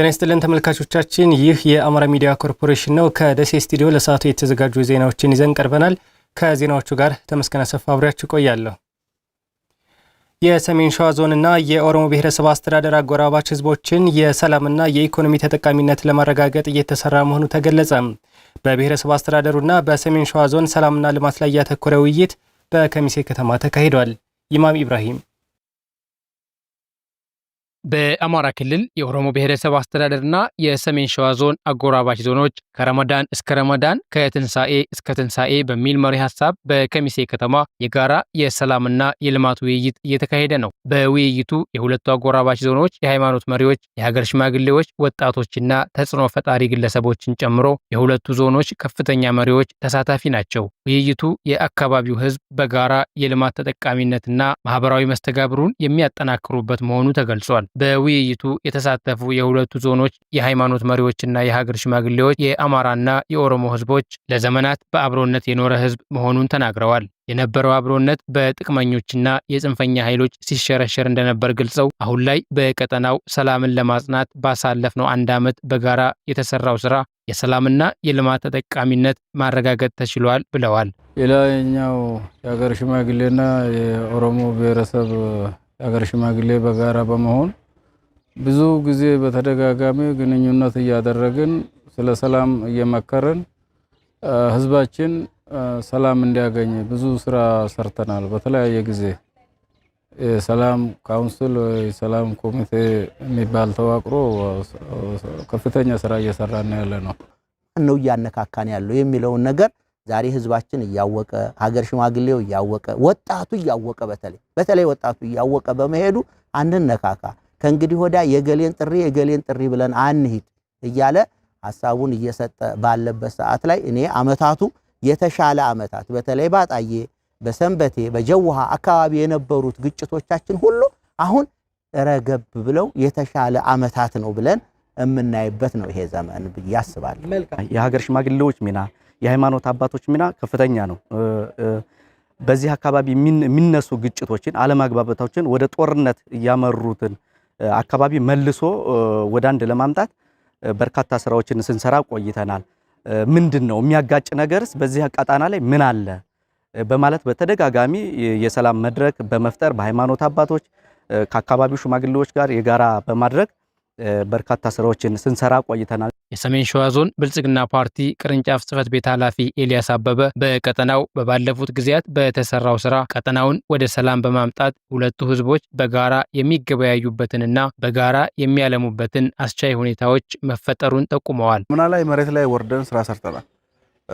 ጤና ይስጥልን ተመልካቾቻችን፣ ይህ የአማራ ሚዲያ ኮርፖሬሽን ነው። ከደሴ ስቱዲዮ ለሰዓቱ የተዘጋጁ ዜናዎችን ይዘን ቀርበናል። ከዜናዎቹ ጋር ተመስገን አሰፋ አብሬያችሁ እቆያለሁ። የሰሜን ሸዋ ዞንና የኦሮሞ ብሔረሰብ አስተዳደር አጎራባች ህዝቦችን የሰላምና የኢኮኖሚ ተጠቃሚነት ለማረጋገጥ እየተሰራ መሆኑ ተገለጸ። በብሔረሰብ አስተዳደሩና በሰሜን ሸዋ ዞን ሰላምና ልማት ላይ ያተኮረ ውይይት በከሚሴ ከተማ ተካሂዷል። ኢማም ኢብራሂም በአማራ ክልል የኦሮሞ ብሔረሰብ አስተዳደርና የሰሜን ሸዋ ዞን አጎራባች ዞኖች ከረመዳን እስከ ረመዳን ከትንሣኤ እስከ ትንሣኤ በሚል መሪ ሀሳብ በከሚሴ ከተማ የጋራ የሰላምና የልማት ውይይት እየተካሄደ ነው። በውይይቱ የሁለቱ አጎራባች ዞኖች የሃይማኖት መሪዎች፣ የሀገር ሽማግሌዎች፣ ወጣቶችና ተጽዕኖ ፈጣሪ ግለሰቦችን ጨምሮ የሁለቱ ዞኖች ከፍተኛ መሪዎች ተሳታፊ ናቸው። ውይይቱ የአካባቢው ሕዝብ በጋራ የልማት ተጠቃሚነትና ማህበራዊ መስተጋብሩን የሚያጠናክሩበት መሆኑ ተገልጿል። በውይይቱ የተሳተፉ የሁለቱ ዞኖች የሃይማኖት መሪዎችና የሀገር ሽማግሌዎች የአማራና የኦሮሞ ህዝቦች ለዘመናት በአብሮነት የኖረ ህዝብ መሆኑን ተናግረዋል። የነበረው አብሮነት በጥቅመኞችና የጽንፈኛ ኃይሎች ሲሸረሸር እንደነበር ገልጸው አሁን ላይ በቀጠናው ሰላምን ለማጽናት ባሳለፍነው አንድ ዓመት በጋራ የተሰራው ስራ የሰላምና የልማት ተጠቃሚነት ማረጋገጥ ተችሏል ብለዋል። የላይኛው የሀገር ሽማግሌና የኦሮሞ ብሔረሰብ የሀገር ሽማግሌ በጋራ በመሆን ብዙ ጊዜ በተደጋጋሚ ግንኙነት እያደረግን ስለ ሰላም እየመከርን ህዝባችን ሰላም እንዲያገኝ ብዙ ስራ ሰርተናል። በተለያየ ጊዜ የሰላም ካውንስል ወይ ሰላም ኮሚቴ የሚባል ተዋቅሮ ከፍተኛ ስራ እየሰራን ያለ ነው ነው እያነካካን ያለው የሚለውን ነገር ዛሬ ህዝባችን እያወቀ ሀገር ሽማግሌው እያወቀ ወጣቱ እያወቀ በተለይ በተለይ ወጣቱ እያወቀ በመሄዱ ነካካ ከእንግዲህ ወዳ የገሌን ጥሪ የገሌን ጥሪ ብለን አንሂድ እያለ ሀሳቡን እየሰጠ ባለበት ሰዓት ላይ እኔ አመታቱ የተሻለ አመታት በተለይ ባጣዬ፣ በሰንበቴ፣ በጀውሃ አካባቢ የነበሩት ግጭቶቻችን ሁሉ አሁን ረገብ ብለው የተሻለ አመታት ነው ብለን የምናይበት ነው ይሄ ዘመን ብዬ አስባለሁ። የሀገር ሽማግሌዎች ሚና፣ የሃይማኖት አባቶች ሚና ከፍተኛ ነው። በዚህ አካባቢ የሚነሱ ግጭቶችን፣ አለመግባባቶችን ወደ ጦርነት እያመሩትን አካባቢ መልሶ ወደ አንድ ለማምጣት በርካታ ስራዎችን ስንሰራ ቆይተናል። ምንድን ነው የሚያጋጭ ነገርስ በዚህ ቀጣና ላይ ምን አለ በማለት በተደጋጋሚ የሰላም መድረክ በመፍጠር በሃይማኖት አባቶች ከአካባቢው ሽማግሌዎች ጋር የጋራ በማድረግ በርካታ ስራዎችን ስንሰራ ቆይተናል። የሰሜን ሸዋ ዞን ብልጽግና ፓርቲ ቅርንጫፍ ጽህፈት ቤት ኃላፊ ኤልያስ አበበ በቀጠናው በባለፉት ጊዜያት በተሰራው ስራ ቀጠናውን ወደ ሰላም በማምጣት ሁለቱ ህዝቦች በጋራ የሚገበያዩበትንና በጋራ የሚያለሙበትን አስቻይ ሁኔታዎች መፈጠሩን ጠቁመዋል። ምና ላይ መሬት ላይ ወርደን ስራ ሰርተናል።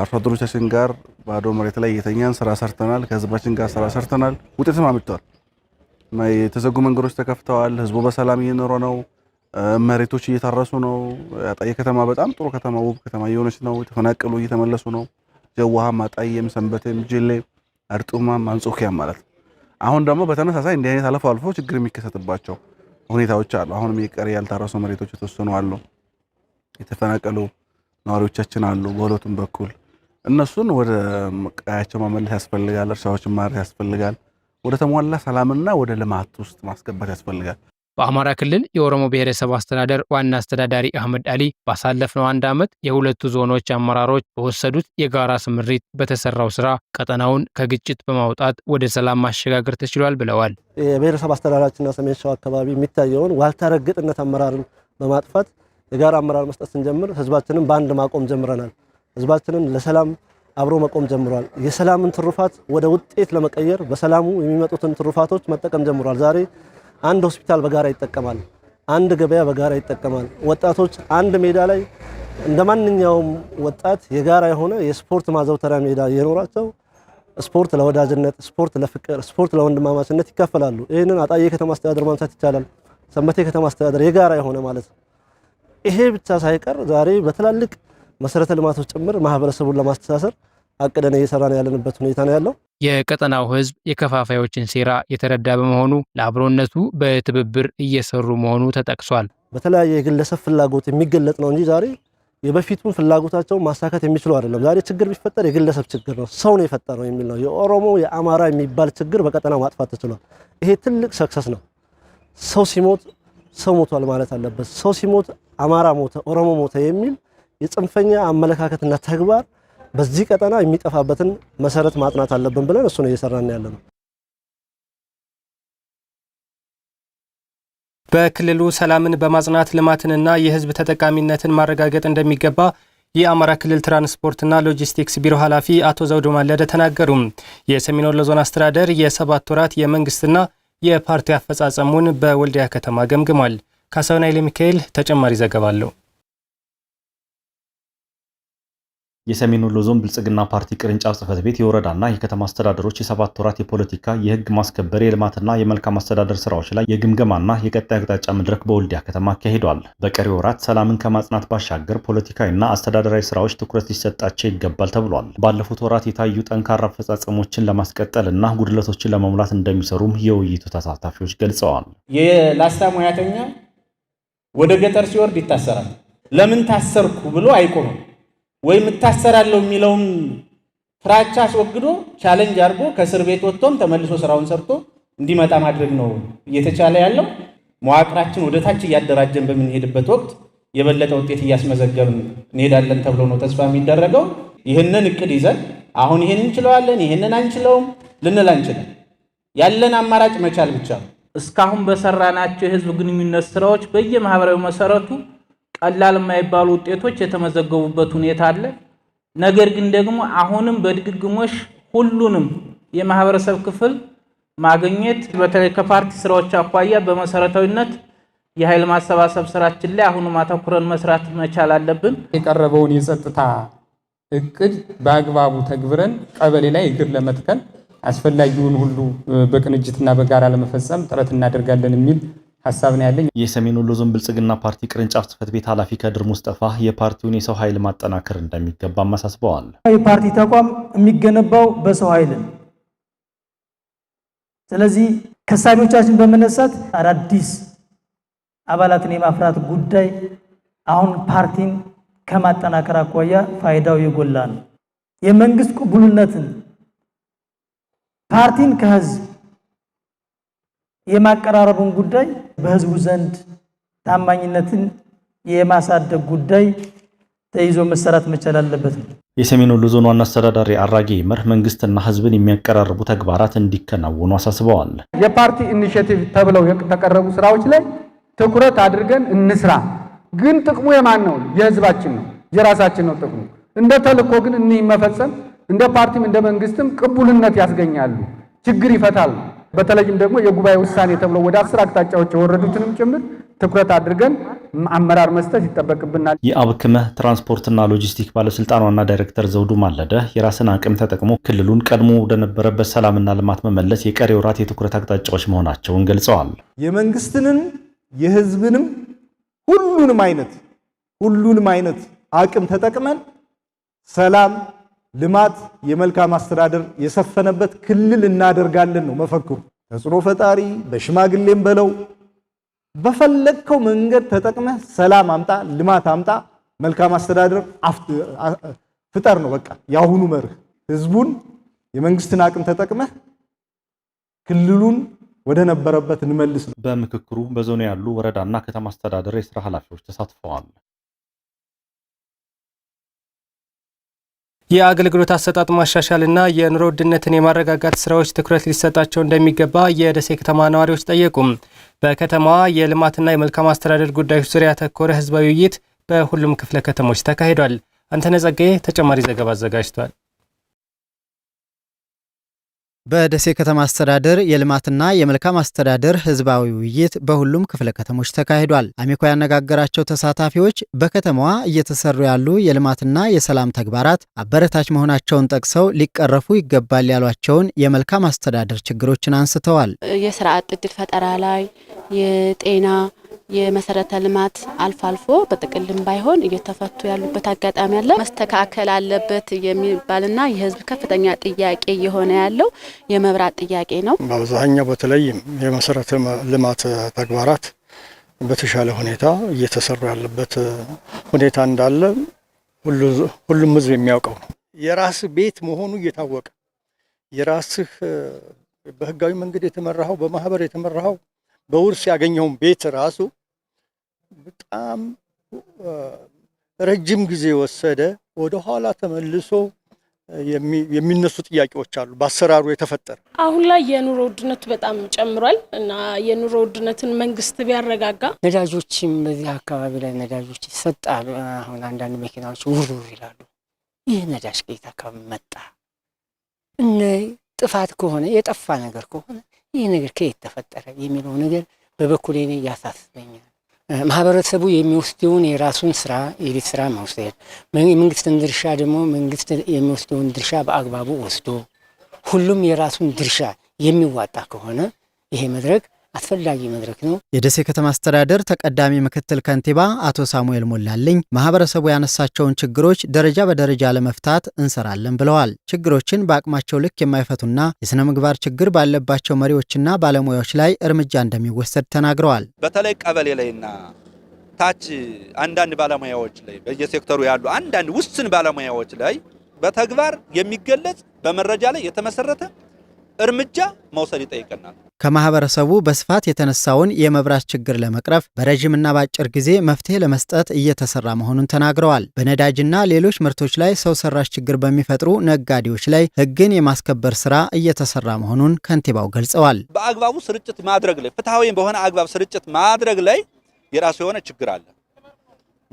አርሶ አደሮቻችን ጋር ባዶ መሬት ላይ እየተኛን ስራ ሰርተናል። ከህዝባችን ጋር ስራ ሰርተናል። ውጤትም አምጥተዋል። የተዘጉ መንገዶች ተከፍተዋል። ህዝቡ በሰላም እየኖረ ነው። መሬቶች እየታረሱ ነው። አጣዬ ከተማ በጣም ጥሩ ከተማ፣ ውብ ከተማ እየሆነች ነው። የተፈናቀሉ እየተመለሱ ነው። ጀዋሃም፣ አጣዬም፣ ሰንበቴም፣ ጅሌ እርጡማም አንጾኪያም ማለት ነው። አሁን ደግሞ በተመሳሳይ እንዲህ አይነት አልፎ አልፎ ችግር የሚከሰትባቸው ሁኔታዎች አሉ። አሁንም የቀሪ ያልታረሱ መሬቶች የተወሰኑ አሉ። የተፈናቀሉ ነዋሪዎቻችን አሉ በሁለቱም በኩል እነሱን ወደ ቀያቸው ማመለስ ያስፈልጋል። እርሻዎችን ማረስ ያስፈልጋል። ወደ ተሟላ ሰላምና ወደ ልማት ውስጥ ማስገባት ያስፈልጋል። በአማራ ክልል የኦሮሞ ብሔረሰብ አስተዳደር ዋና አስተዳዳሪ አህመድ አሊ ባሳለፍነው አንድ ዓመት የሁለቱ ዞኖች አመራሮች በወሰዱት የጋራ ስምሪት በተሰራው ስራ ቀጠናውን ከግጭት በማውጣት ወደ ሰላም ማሸጋገር ተችሏል ብለዋል። የብሔረሰብ አስተዳደራችንና ሰሜን ሸዋ አካባቢ የሚታየውን ዋልታረግጥነት አመራርን በማጥፋት የጋራ አመራር መስጠት ስንጀምር ህዝባችንን በአንድ ማቆም ጀምረናል። ህዝባችንን ለሰላም አብሮ መቆም ጀምሯል። የሰላምን ትሩፋት ወደ ውጤት ለመቀየር በሰላሙ የሚመጡትን ትሩፋቶች መጠቀም ጀምሯል። ዛሬ አንድ ሆስፒታል በጋራ ይጠቀማል። አንድ ገበያ በጋራ ይጠቀማል። ወጣቶች አንድ ሜዳ ላይ እንደ ማንኛውም ወጣት የጋራ የሆነ የስፖርት ማዘውተሪያ ሜዳ የኖራቸው ስፖርት ለወዳጅነት፣ ስፖርት ለፍቅር፣ ስፖርት ለወንድማማችነት ይካፈላሉ። ይህንን አጣዬ ከተማ አስተዳደር ማንሳት ይቻላል። ሰንበቴ ከተማ አስተዳደር የጋራ የሆነ ማለት ነው። ይሄ ብቻ ሳይቀር ዛሬ በትላልቅ መሰረተ ልማቶች ጭምር ማህበረሰቡን ለማስተሳሰር አቅደን እየሰራን ያለንበት ሁኔታ ነው ያለው። የቀጠናው ህዝብ የከፋፋዮችን ሴራ የተረዳ በመሆኑ ለአብሮነቱ በትብብር እየሰሩ መሆኑ ተጠቅሷል። በተለያየ የግለሰብ ፍላጎት የሚገለጥ ነው እንጂ ዛሬ የበፊቱን ፍላጎታቸውን ማሳካት የሚችሉ አይደለም። ዛሬ ችግር ቢፈጠር የግለሰብ ችግር ነው፣ ሰው ነው የፈጠረው የሚል ነው። የኦሮሞ የአማራ የሚባል ችግር በቀጠናው ማጥፋት ተችሏል። ይሄ ትልቅ ሰክሰስ ነው። ሰው ሲሞት ሰው ሞቷል ማለት አለበት። ሰው ሲሞት አማራ ሞተ፣ ኦሮሞ ሞተ የሚል የጽንፈኛ አመለካከትና ተግባር በዚህ ቀጠና የሚጠፋበትን መሰረት ማጥናት አለብን ብለን እሱ ነው እየሰራን ያለ ነው። በክልሉ ሰላምን በማጽናት ልማትንና የህዝብ ተጠቃሚነትን ማረጋገጥ እንደሚገባ የአማራ ክልል ትራንስፖርትና ሎጂስቲክስ ቢሮ ኃላፊ አቶ ዘውዱ ማለደ ተናገሩም። የሰሜን ወሎ ዞን አስተዳደር የሰባት ወራት የመንግስትና የፓርቲ አፈጻጸሙን በወልዲያ ከተማ ገምግሟል። ካሳሁን ኃይለ ሚካኤል ተጨማሪ ዘገባ አለው። የሰሜን ወሎ ዞን ብልጽግና ፓርቲ ቅርንጫፍ ጽህፈት ቤት የወረዳና የከተማ አስተዳደሮች የሰባት ወራት የፖለቲካ የህግ ማስከበር የልማትና የመልካም አስተዳደር ስራዎች ላይ የግምገማና የቀጣይ አቅጣጫ መድረክ በወልዲያ ከተማ አካሂዷል። በቀሪ ወራት ሰላምን ከማጽናት ባሻገር ፖለቲካዊና አስተዳደራዊ ስራዎች ትኩረት ሊሰጣቸው ይገባል ተብሏል። ባለፉት ወራት የታዩ ጠንካራ አፈጻጸሞችን እና ጉድለቶችን ለመሙላት እንደሚሰሩም የውይይቱ ተሳታፊዎች ገልጸዋል። የላስታ ሙያተኛ ወደ ገጠር ሲወርድ ይታሰራል። ለምን ታሰርኩ ብሎ አይቆምም። ወይም እታሰራለሁ የሚለውን ፍራቻ አስወግዶ ቻለንጅ አድርጎ ከእስር ቤት ወጥቶም ተመልሶ ስራውን ሰርቶ እንዲመጣ ማድረግ ነው እየተቻለ ያለው። መዋቅራችን ወደ ታች እያደራጀን በምንሄድበት ወቅት የበለጠ ውጤት እያስመዘገብን እንሄዳለን ተብሎ ነው ተስፋ የሚደረገው። ይህንን እቅድ ይዘን አሁን ይህን እንችለዋለን፣ ይህንን አንችለውም ልንል አንችልም። ያለን አማራጭ መቻል ብቻ ነው። እስካሁን በሰራናቸው የህዝብ ግንኙነት ስራዎች በየማህበራዊ መሰረቱ ቀላል የማይባሉ ውጤቶች የተመዘገቡበት ሁኔታ አለ። ነገር ግን ደግሞ አሁንም በድግግሞሽ ሁሉንም የማህበረሰብ ክፍል ማግኘት በተለይ ከፓርቲ ስራዎች አኳያ በመሰረታዊነት የኃይል ማሰባሰብ ስራችን ላይ አሁንም አተኩረን መስራት መቻል አለብን። የቀረበውን የጸጥታ እቅድ በአግባቡ ተግብረን ቀበሌ ላይ እግር ለመትከል አስፈላጊውን ሁሉ በቅንጅትና በጋራ ለመፈጸም ጥረት እናደርጋለን የሚል ሀሳብ ነው ያለኝ። የሰሜን ወሎ ዞን ብልጽግና ፓርቲ ቅርንጫፍ ጽህፈት ቤት ኃላፊ ከድር ሙስጠፋ የፓርቲውን የሰው ኃይል ማጠናከር እንደሚገባ አሳስበዋል። የፓርቲ ተቋም የሚገነባው በሰው ኃይል ነው። ስለዚህ ከሳቢዎቻችን በመነሳት አዳዲስ አባላትን የማፍራት ጉዳይ አሁን ፓርቲን ከማጠናከር አኳያ ፋይዳው የጎላ ነው። የመንግስት ቅቡልነትን ፓርቲን ከህዝብ የማቀራረቡን ጉዳይ በህዝቡ ዘንድ ታማኝነትን የማሳደግ ጉዳይ ተይዞ መሰራት መቻል አለበት። የሰሜን ወሎ ዞን ዋና አስተዳዳሪ አራጌ ይመር መንግስትና ህዝብን የሚያቀራርቡ ተግባራት እንዲከናወኑ አሳስበዋል። የፓርቲ ኢኒሽቲቭ ተብለው የተቀረቡ ስራዎች ላይ ትኩረት አድርገን እንስራ። ግን ጥቅሙ የማን ነው? የህዝባችን ነው፣ የራሳችን ነው ጥቅሙ። እንደ ተልእኮ ግን እኒህ መፈጸም እንደ ፓርቲም እንደ መንግስትም ቅቡልነት ያስገኛሉ፣ ችግር ይፈታል። በተለይም ደግሞ የጉባኤ ውሳኔ ተብሎ ወደ አስር አቅጣጫዎች የወረዱትንም ጭምር ትኩረት አድርገን አመራር መስጠት ይጠበቅብናል። የአብክመ ትራንስፖርትና ሎጂስቲክ ባለስልጣን ዋና ዳይሬክተር ዘውዱ ማለደ የራስን አቅም ተጠቅሞ ክልሉን ቀድሞ ወደነበረበት ሰላምና ልማት መመለስ የቀሪ ወራት የትኩረት አቅጣጫዎች መሆናቸውን ገልጸዋል። የመንግስትንም የህዝብንም ሁሉንም አይነት ሁሉንም አይነት አቅም ተጠቅመን ሰላም ልማት፣ የመልካም አስተዳደር የሰፈነበት ክልል እናደርጋለን ነው መፈክሩ። ተጽዕኖ ፈጣሪ በሽማግሌም በለው በፈለግከው መንገድ ተጠቅመህ ሰላም አምጣ፣ ልማት አምጣ፣ መልካም አስተዳደር ፍጠር ነው በቃ የአሁኑ መርህ። ህዝቡን የመንግስትን አቅም ተጠቅመህ ክልሉን ወደ ነበረበት እንመልስ ነው። በምክክሩ በዞን ያሉ ወረዳና ከተማ አስተዳደር የስራ ኃላፊዎች ተሳትፈዋል። የአገልግሎት አሰጣጥ ማሻሻልና የኑሮ ውድነትን የማረጋጋት ስራዎች ትኩረት ሊሰጣቸው እንደሚገባ የደሴ ከተማ ነዋሪዎች ጠየቁም። በከተማዋ የልማትና የመልካም አስተዳደር ጉዳዮች ዙሪያ ያተኮረ ህዝባዊ ውይይት በሁሉም ክፍለ ከተሞች ተካሂዷል። አንተነህ ጸጋዬ ተጨማሪ ዘገባ አዘጋጅቷል። በደሴ ከተማ አስተዳደር የልማትና የመልካም አስተዳደር ህዝባዊ ውይይት በሁሉም ክፍለ ከተሞች ተካሂዷል። አሚኮ ያነጋገራቸው ተሳታፊዎች በከተማዋ እየተሰሩ ያሉ የልማትና የሰላም ተግባራት አበረታች መሆናቸውን ጠቅሰው ሊቀረፉ ይገባል ያሏቸውን የመልካም አስተዳደር ችግሮችን አንስተዋል። የስራ አጥ እድል ፈጠራ ላይ፣ የጤና፣ የመሰረተ ልማት አልፎ አልፎ በጥቅልም ባይሆን እየተፈቱ ያሉበት አጋጣሚ አለ። መስተካከል አለበት የሚባልና የህዝብ ከፍተኛ ጥያቄ እየሆነ ያለው የመብራት ጥያቄ ነው። በአብዛኛው በተለይም የመሰረተ ልማት ተግባራት በተሻለ ሁኔታ እየተሰሩ ያለበት ሁኔታ እንዳለ ሁሉም ሕዝብ የሚያውቀው የራስህ ቤት መሆኑ እየታወቀ የራስህ በህጋዊ መንገድ የተመራኸው በማህበር የተመራኸው በውርስ ያገኘውን ቤት ራሱ በጣም ረጅም ጊዜ ወሰደ ወደኋላ ተመልሶ የሚነሱ ጥያቄዎች አሉ። በአሰራሩ የተፈጠረ አሁን ላይ የኑሮ ውድነት በጣም ጨምሯል እና የኑሮ ውድነትን መንግስት ቢያረጋጋ። ነዳጆችም በዚህ አካባቢ ላይ ነዳጆች ይሰጣሉ። አሁን አንዳንድ መኪናዎች ውርውር ይላሉ። ይህ ነዳጅ ከየት አካባቢ መጣ? እነ ጥፋት ከሆነ የጠፋ ነገር ከሆነ ይህ ነገር ከየት ተፈጠረ የሚለው ነገር በበኩሌ እኔ ያሳስበኛል። ማህበረሰቡ የሚወስደውን የራሱን ስራ የቤት ስራ መውሰድ፣ የመንግስትን ድርሻ ደግሞ መንግስት የሚወስደውን ድርሻ በአግባቡ ወስዶ ሁሉም የራሱን ድርሻ የሚዋጣ ከሆነ ይሄ መድረክ አስፈላጊ መድረክ ነው። የደሴ ከተማ አስተዳደር ተቀዳሚ ምክትል ከንቲባ አቶ ሳሙኤል ሞላልኝ ማህበረሰቡ ያነሳቸውን ችግሮች ደረጃ በደረጃ ለመፍታት እንሰራለን ብለዋል። ችግሮችን በአቅማቸው ልክ የማይፈቱና የሥነ ምግባር ችግር ባለባቸው መሪዎችና ባለሙያዎች ላይ እርምጃ እንደሚወሰድ ተናግረዋል። በተለይ ቀበሌ ላይና ታች አንዳንድ ባለሙያዎች ላይ በየሴክተሩ ያሉ አንዳንድ ውስን ባለሙያዎች ላይ በተግባር የሚገለጽ በመረጃ ላይ የተመሰረተ እርምጃ መውሰድ ይጠይቀናል። ከማህበረሰቡ በስፋት የተነሳውን የመብራት ችግር ለመቅረፍ በረዥምና በአጭር ጊዜ መፍትሄ ለመስጠት እየተሰራ መሆኑን ተናግረዋል። በነዳጅና ሌሎች ምርቶች ላይ ሰው ሰራሽ ችግር በሚፈጥሩ ነጋዴዎች ላይ ሕግን የማስከበር ስራ እየተሰራ መሆኑን ከንቲባው ገልጸዋል። በአግባቡ ስርጭት ማድረግ ላይ ፍትሐዊ በሆነ አግባብ ስርጭት ማድረግ ላይ የራሱ የሆነ ችግር አለ።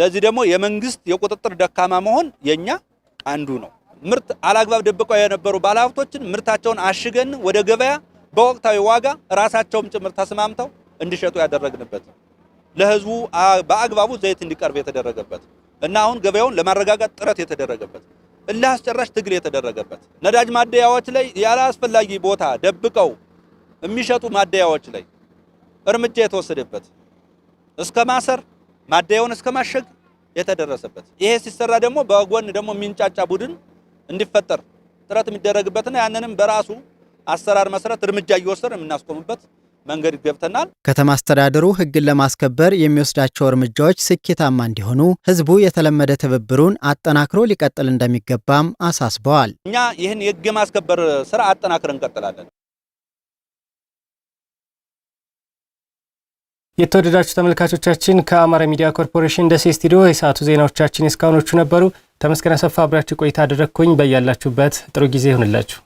ለዚህ ደግሞ የመንግስት የቁጥጥር ደካማ መሆን የኛ አንዱ ነው። ምርት አላግባብ ደብቀው የነበሩ ባለሀብቶችን ምርታቸውን አሽገን ወደ ገበያ በወቅታዊ ዋጋ ራሳቸውም ጭምር ተስማምተው እንዲሸጡ ያደረግንበት ለህዝቡ በአግባቡ ዘይት እንዲቀርብ የተደረገበት እና አሁን ገበያውን ለማረጋጋት ጥረት የተደረገበት እልህ አስጨራሽ ትግል የተደረገበት ነዳጅ ማደያዎች ላይ ያለ አስፈላጊ ቦታ ደብቀው የሚሸጡ ማደያዎች ላይ እርምጃ የተወሰደበት እስከ ማሰር ማደያውን እስከ ማሸግ የተደረሰበት ይሄ ሲሰራ ደግሞ በጎን ደግሞ የሚንጫጫ ቡድን እንዲፈጠር ጥረት የሚደረግበትና ያንንም በራሱ አሰራር መሰረት እርምጃ እየወሰድን የምናስቆምበት መንገድ ገብተናል። ከተማ አስተዳደሩ ህግን ለማስከበር የሚወስዳቸው እርምጃዎች ስኬታማ እንዲሆኑ ህዝቡ የተለመደ ትብብሩን አጠናክሮ ሊቀጥል እንደሚገባም አሳስበዋል። እኛ ይህን የህግ የማስከበር ስራ አጠናክረን እንቀጥላለን። የተወደዳችሁ ተመልካቾቻችን ከአማራ ሚዲያ ኮርፖሬሽን ደሴ ስቱዲዮ የሰዓቱ ዜናዎቻችን እስካሁኖቹ ነበሩ። ተመስገን አሰፋ አብሪያችሁ ቆይታ አደረግኩኝ። በያላችሁበት ጥሩ ጊዜ ይሁንላችሁ።